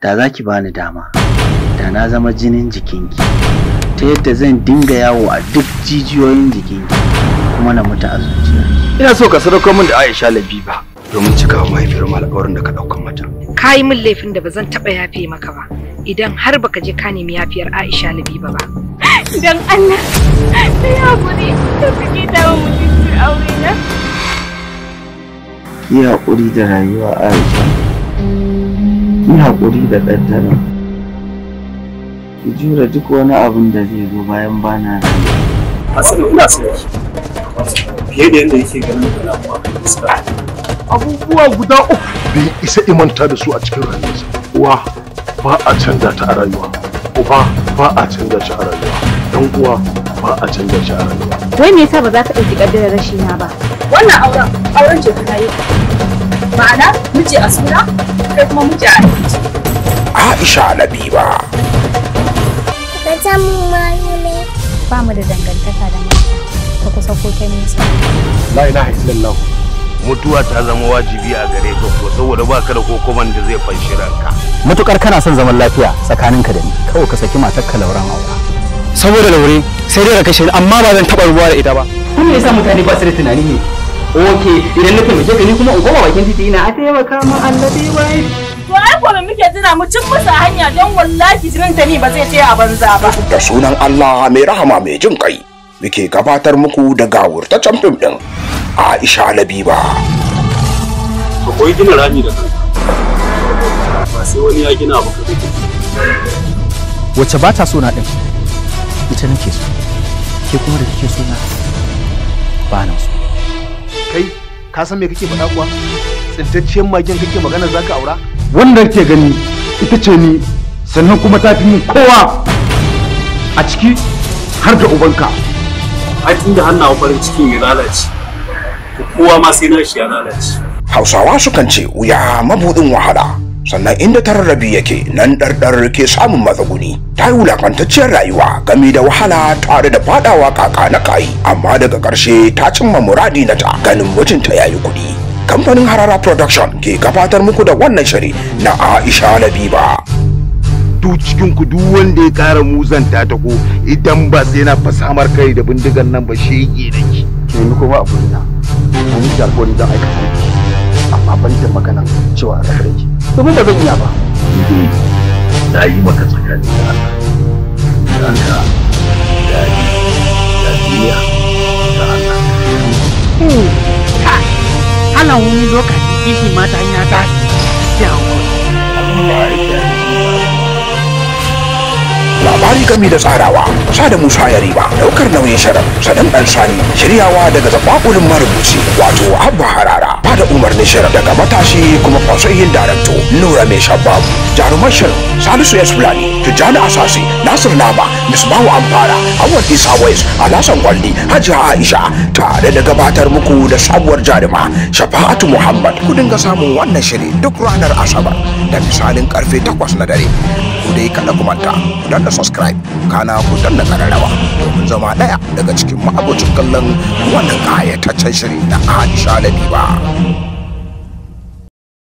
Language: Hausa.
da za ki bani dama da na zama jinin jikinki ta yadda zan dinga yawo a duk jijiyoyin jikinki kuma na mutu a zuciya ina so ka sadaukar min da aisha labiba domin cika mahaifiyar mu alƙawarin da ka ɗaukan mata ka yi min laifin da ba zan taɓa yafe maka ba idan har baka je ka nemi yafiyar aisha labiba ba idan allah ta ya haƙuri ta suke dawo cikin aure na Ya haƙuri da rayuwa aisha ki haƙuri da ƙaddara ki jure duk wani abin da zai zo bayan bana Hassan ina son ki fiye da yadda yake ganin da lamuwa fuska abubuwa guda uku bai isa imanta da su a cikin rayuwarsa uwa ba a canza ta a rayuwa uba ba a canza ta a rayuwa dan uwa ba a canza ta a rayuwa wai me yasa ba za ka ɗauki ƙaddarar rashina ba wannan auren auren ce ta yi ma'ana miji a suna ko kuma miji a abinci aisha labiba ka ta mu ma ne ba mu da dangantaka da mata ta kusa ko ta nisa la ilaha illallah mutuwa ta zama wajibi a gare ka ko saboda ba ka da kokoman da zai fanshi ranka matukar kana son zaman lafiya tsakaninka da ni kawai ka saki matar ka lauran aura saboda laure sai dai da kashe amma ba zan taɓa rubuwa da ita ba kuma yasa mutane ba su da tunani ne oke idan na taimake ka ni kuma in koma bakin titi ina a taimaka ma dai wai to ai ko me muke jira mu cin masa hanya don wallahi jinin ta ni ba zai tsaya a banza ba da sunan Allah mai rahama mai jin kai muke gabatar muku da gawur ta champion din Aisha Labiba akwai gina rami da kanka ba sai wani ya gina ba wacce ba ta so na din ita nake so ke kuma da kike so na ba na so kai ka san me kake faɗa kuwa tsintacciyar magen kake magana za ka aura wanda ke gani ita ce ni sannan kuma ta fi yin kowa a ciki har da ubanka a hannu hannawa farin cikin ya lalace kowa ma sai na shi ya lalace hausawa sukan ce wuya mabuɗin wahala sannan inda tararrabi yake nan ɗarɗar ke samun matsaguni ta yi wulakantacciyar rayuwa gami da wahala tare da fadawa kaka na kayi amma daga ƙarshe ta cimma muradi na ta ganin mijinta ya yi kuɗi kamfanin harara production ke gabatar muku da wannan shiri na aisha labiba duk cikin ku duk wanda ya kara muzanta ta ko idan ba sai na fasamar kai da bindigar nan ba yake da ki ke ni kuma abun na mun ji alƙawarin da aikata amma ban da magana cewa a ki domin ba zan iya ba da yi maka tsakanin da Allah da Allah da da duniya da Allah ha ana wani lokaci kishi mata hanya ta ya labari gami da tsarawa sa da musa ya riba daukar nauyin sharaf sadan ɗan sani shiryawa daga zababulin marubuci wato abba harara ba da umarnin shirin daga matashi kuma fasohin darakto nura mai shababu jaruman shirin salisu ya sulani tijjani asasi nasir nama misbahu amfara awon isa wais alasan gwaldi hajiya aisha tare da gabatar muku da sabuwar jarima shafa'atu muhammad ku dinga samun wannan shiri duk ranar asabar da misalin karfe takwas na dare ku dai kada ku manta ku danna subscribe kana ku danna kararrawa domin zama daya daga cikin ma'abocin kallon wannan kayataccen shiri na aisha ba. Thank you.